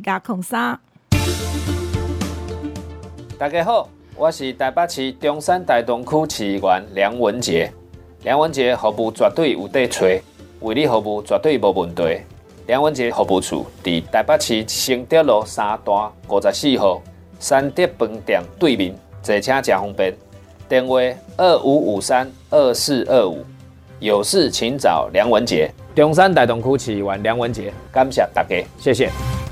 加控沙，大家好，我是台北市中山大同區市議員梁文傑。梁文傑服務絕對有底吹，為你服務絕對冇問題。梁文傑服務處喺台北市承德路三段五十四號三德飯店對面，坐車正方便。電話二五五三二四二五，有事請找梁文傑。中山大同區市議員梁文傑，感謝大家，謝謝。